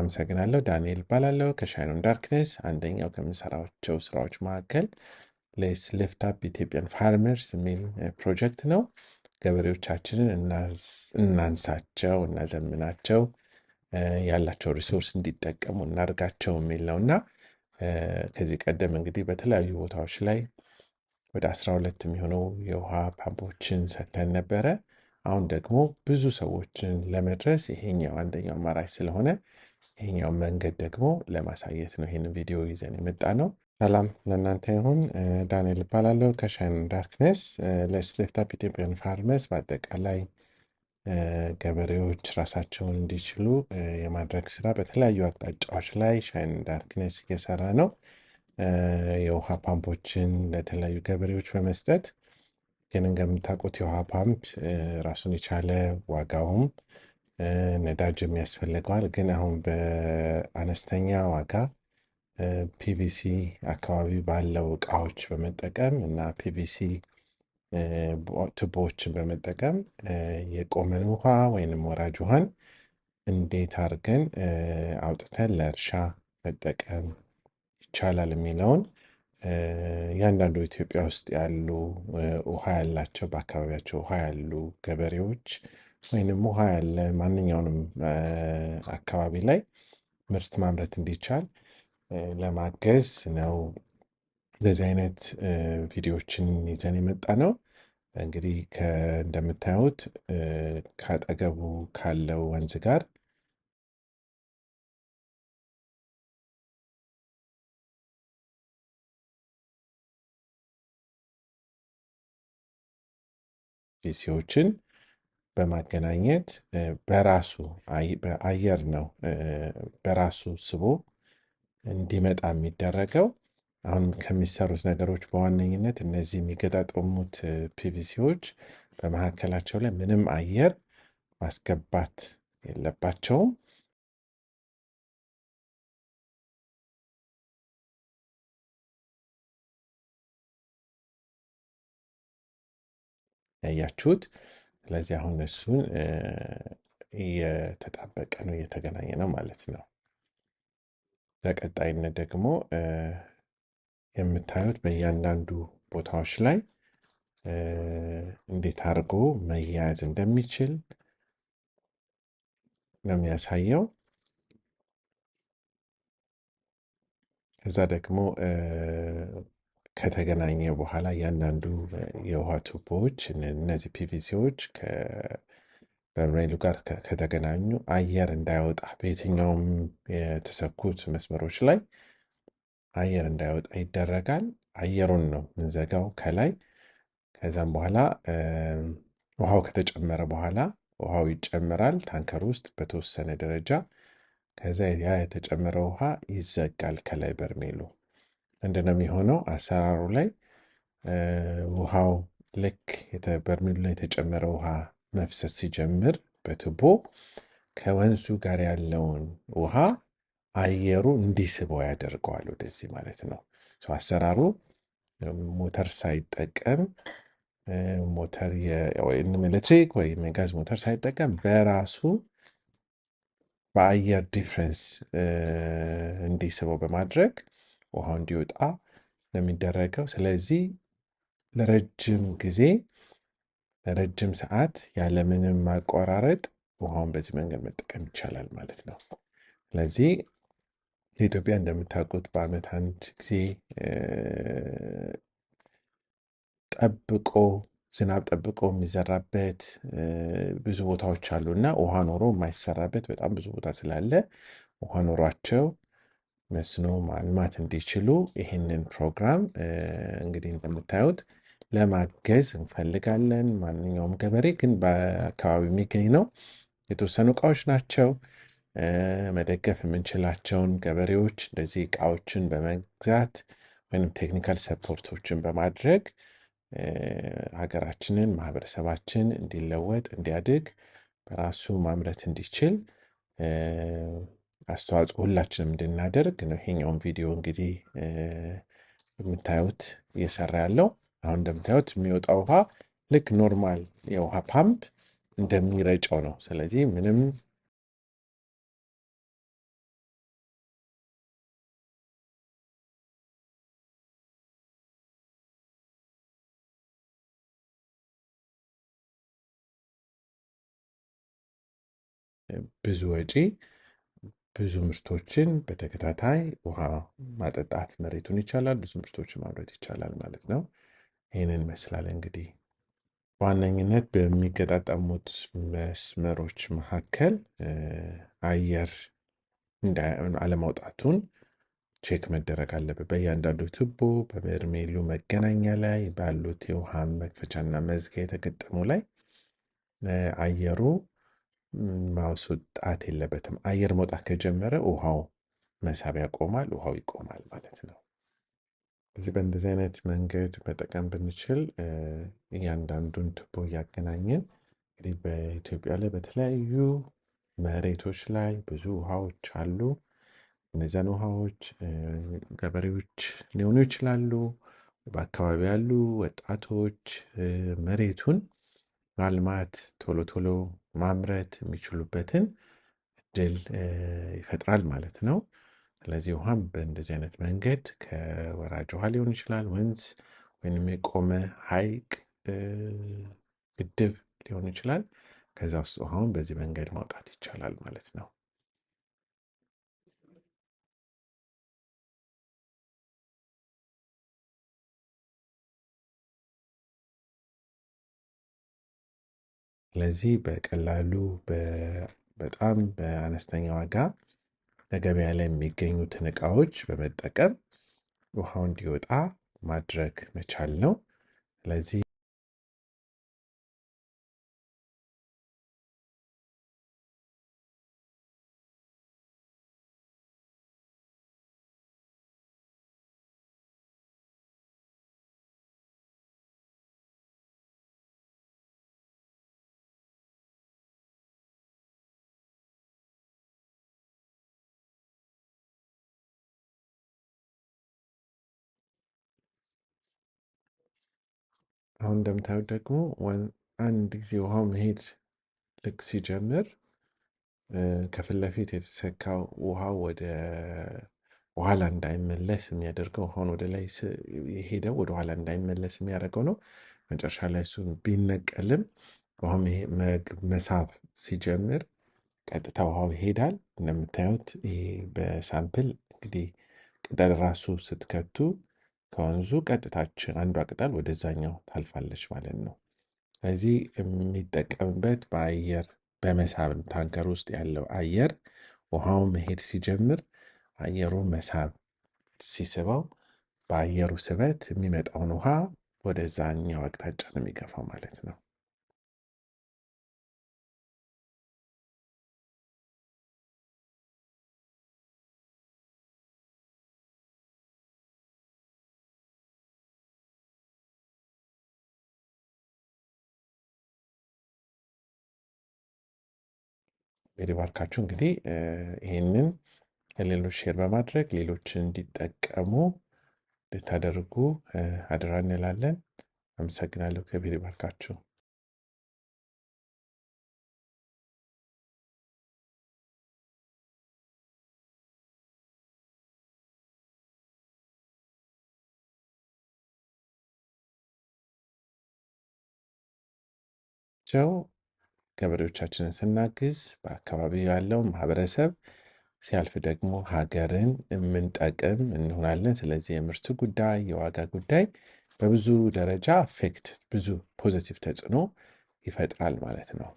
አመሰግናለሁ። ዳንኤል እባላለሁ ከሻይኑን ዳርክነስ። አንደኛው ከምሰራቸው ስራዎች መካከል ሌስ ሊፍት አፕ ኢትዮጵያን ፋርመርስ የሚል ፕሮጀክት ነው። ገበሬዎቻችንን እናንሳቸው፣ እናዘምናቸው፣ ያላቸው ሪሶርስ እንዲጠቀሙ እናርጋቸው የሚል ነው እና ከዚህ ቀደም እንግዲህ በተለያዩ ቦታዎች ላይ ወደ አስራ ሁለት የሚሆነው የውሃ ፓምፖችን ሰጥተን ነበረ። አሁን ደግሞ ብዙ ሰዎችን ለመድረስ ይሄኛው አንደኛው አማራጭ ስለሆነ ይሄኛው መንገድ ደግሞ ለማሳየት ነው ይህን ቪዲዮ ይዘን የመጣ ነው። ሰላም ለእናንተ ይሁን። ዳንኤል እባላለሁ ከሻይን ዳርክነስ ለስሌፍታፕ ኢትዮጵያን ፋርመስ በአጠቃላይ ገበሬዎች ራሳቸውን እንዲችሉ የማድረግ ስራ በተለያዩ አቅጣጫዎች ላይ ሻይን ዳርክነስ እየሰራ ነው። የውሃ ፓምፖችን ለተለያዩ ገበሬዎች በመስጠት ግን እንደምታውቁት የውሃ ፓምፕ ራሱን የቻለ ዋጋውም ነዳጅም ያስፈልገዋል። ግን አሁን በአነስተኛ ዋጋ ፒቪሲ አካባቢ ባለው እቃዎች በመጠቀም እና ፒቪሲ ቱቦዎችን በመጠቀም የቆመን ውሃ ወይንም ወራጅ ውሃን እንዴት አድርገን አውጥተን ለእርሻ መጠቀም ይቻላል የሚለውን እያንዳንዱ ኢትዮጵያ ውስጥ ያሉ ውሃ ያላቸው በአካባቢያቸው ውሃ ያሉ ገበሬዎች ወይንም ውሃ ያለ ማንኛውንም አካባቢ ላይ ምርት ማምረት እንዲቻል ለማገዝ ነው። እንደዚህ አይነት ቪዲዮዎችን ይዘን የመጣ ነው። እንግዲህ እንደምታዩት ከአጠገቡ ካለው ወንዝ ጋር ፒሲዎችን በማገናኘት በራሱ በአየር ነው በራሱ ስቦ እንዲመጣ የሚደረገው። አሁን ከሚሰሩት ነገሮች በዋነኝነት እነዚህ የሚገጣጠሙት ፒቪሲዎች በመካከላቸው ላይ ምንም አየር ማስገባት የለባቸውም። ያያችሁት። ስለዚህ አሁን እሱን እየተጣበቀ ነው እየተገናኘ ነው ማለት ነው። በቀጣይነት ደግሞ የምታዩት በእያንዳንዱ ቦታዎች ላይ እንዴት አድርጎ መያያዝ እንደሚችል ነው የሚያሳየው። ከዛ ደግሞ ከተገናኘ በኋላ ያንዳንዱ የውሃ ቱቦዎች እነዚህ ፒቪሲዎች በምሬሉ ጋር ከተገናኙ አየር እንዳይወጣ በየትኛውም የተሰኩት መስመሮች ላይ አየር እንዳይወጣ ይደረጋል። አየሩን ነው ምንዘጋው ከላይ። ከዛም በኋላ ውሃው ከተጨመረ በኋላ ውሃው ይጨመራል ታንከር ውስጥ በተወሰነ ደረጃ። ከዛ ያ የተጨመረ ውሃ ይዘጋል ከላይ በርሜሉ እንደነው አሰራሩ ላይ ውሃው ልክ በርሜሉ ላይ የተጨመረ ውሃ መፍሰስ ሲጀምር በቱቦ ከወንዙ ጋር ያለውን ውሃ አየሩ እንዲስበው ያደርገዋል ወደዚህ ማለት ነው። አሰራሩ ሞተር ሳይጠቀም ሞተር ኤሌክትሪክ ወይም የጋዝ ሞተር ሳይጠቀም በራሱ በአየር ዲፍረንስ እንዲስበው በማድረግ ውሃው እንዲወጣ ነው የሚደረገው። ስለዚህ ለረጅም ጊዜ ለረጅም ሰዓት ያለምንም ማቆራረጥ ውሃውን በዚህ መንገድ መጠቀም ይቻላል ማለት ነው። ስለዚህ የኢትዮጵያ እንደምታውቁት በዓመት አንድ ጊዜ ጠብቆ ዝናብ ጠብቆ የሚዘራበት ብዙ ቦታዎች አሉ እና ውሃ ኖሮ የማይሰራበት በጣም ብዙ ቦታ ስላለ ውሃ ኖሯቸው መስኖ ማልማት እንዲችሉ ይህንን ፕሮግራም እንግዲህ እንደምታዩት ለማገዝ እንፈልጋለን። ማንኛውም ገበሬ ግን በአካባቢ የሚገኝ ነው። የተወሰኑ እቃዎች ናቸው። መደገፍ የምንችላቸውን ገበሬዎች እንደዚህ እቃዎችን በመግዛት ወይም ቴክኒካል ሰፖርቶችን በማድረግ ሀገራችንን፣ ማህበረሰባችን እንዲለወጥ እንዲያድግ በራሱ ማምረት እንዲችል አስተዋጽኦ ሁላችንም እንድናደርግ ነው። ይሄኛውን ቪዲዮ እንግዲህ የምታዩት እየሰራ ያለው አሁን እንደምታዩት የሚወጣው ውሃ ልክ ኖርማል የውሃ ፓምፕ እንደሚረጨው ነው። ስለዚህ ምንም ብዙ ወጪ ብዙ ምርቶችን በተከታታይ ውሃ ማጠጣት መሬቱን ይቻላል። ብዙ ምርቶችን ማምረት ይቻላል ማለት ነው። ይህንን ይመስላል እንግዲህ በዋነኝነት በሚገጣጠሙት መስመሮች መካከል አየር አለማውጣቱን ቼክ መደረግ አለበት። በእያንዳንዱ ቱቦ፣ በበርሜሉ መገናኛ ላይ ባሉት የውሃ መክፈቻና መዝጊያ የተገጠሙ ላይ አየሩ ማስወጣት የለበትም። አየር መውጣት ከጀመረ ውሃው መሳብ ያቆማል፣ ውሃው ይቆማል ማለት ነው። በዚህ በእንደዚህ አይነት መንገድ መጠቀም ብንችል እያንዳንዱን ቱቦ እያገናኘን እንግዲህ በኢትዮጵያ ላይ በተለያዩ መሬቶች ላይ ብዙ ውሃዎች አሉ። እነዚያን ውሃዎች ገበሬዎች ሊሆኑ ይችላሉ፣ በአካባቢ ያሉ ወጣቶች መሬቱን ማልማት ቶሎ ቶሎ ማምረት የሚችሉበትን እድል ይፈጥራል ማለት ነው። ስለዚህ ውሃም በእንደዚህ አይነት መንገድ ከወራጅ ውሃ ሊሆን ይችላል፣ ወንዝ ወይንም የቆመ ሐይቅ ግድብ ሊሆን ይችላል። ከዛ ውስጥ ውሃውን በዚህ መንገድ ማውጣት ይቻላል ማለት ነው። ስለዚህ በቀላሉ በጣም በአነስተኛ ዋጋ በገበያ ላይ የሚገኙትን እቃዎች በመጠቀም ውሃው እንዲወጣ ማድረግ መቻል ነው። ስለዚህ አሁን እንደምታዩት ደግሞ አንድ ጊዜ ውሃው መሄድ ልክ ሲጀምር ከፊት ለፊት የተሰካው ውሃ ወደ ኋላ እንዳይመለስ የሚያደርገው ውሃውን ወደ ላይ የሄደው ወደ ኋላ እንዳይመለስ የሚያደርገው ነው። መጨረሻ ላይ እሱ ቢነቀልም ውሃ መሳብ ሲጀምር ቀጥታ ውሃው ይሄዳል። እንደምታዩት ይሄ በሳምፕል እንግዲህ ቅጠል ራሱ ስትከቱ ከወንዙ ቀጥታችን አንዷ ቅጠል ወደዛኛው ታልፋለች ማለት ነው። ስለዚህ የሚጠቀምበት በአየር በመሳብ ታንከር ውስጥ ያለው አየር ውሃው መሄድ ሲጀምር አየሩ መሳብ ሲስበው በአየሩ ስበት የሚመጣውን ውሃ ወደዛኛው አቅጣጫ ነው የሚገፋው ማለት ነው። እግዚአብሔር ይባርካችሁ። እንግዲህ ይህንን ለሌሎች ሼር በማድረግ ሌሎችን እንዲጠቀሙ ልታደርጉ አደራ እንላለን። አመሰግናለሁ። እግዚአብሔር ይባርካችሁ። ቻው። ገበሬዎቻችንን ስናግዝ በአካባቢው ያለው ማህበረሰብ ሲያልፍ ደግሞ ሀገርን የምንጠቅም እንሆናለን። ስለዚህ የምርት ጉዳይ፣ የዋጋ ጉዳይ በብዙ ደረጃ አፌክት ብዙ ፖዘቲቭ ተጽዕኖ ይፈጥራል ማለት ነው።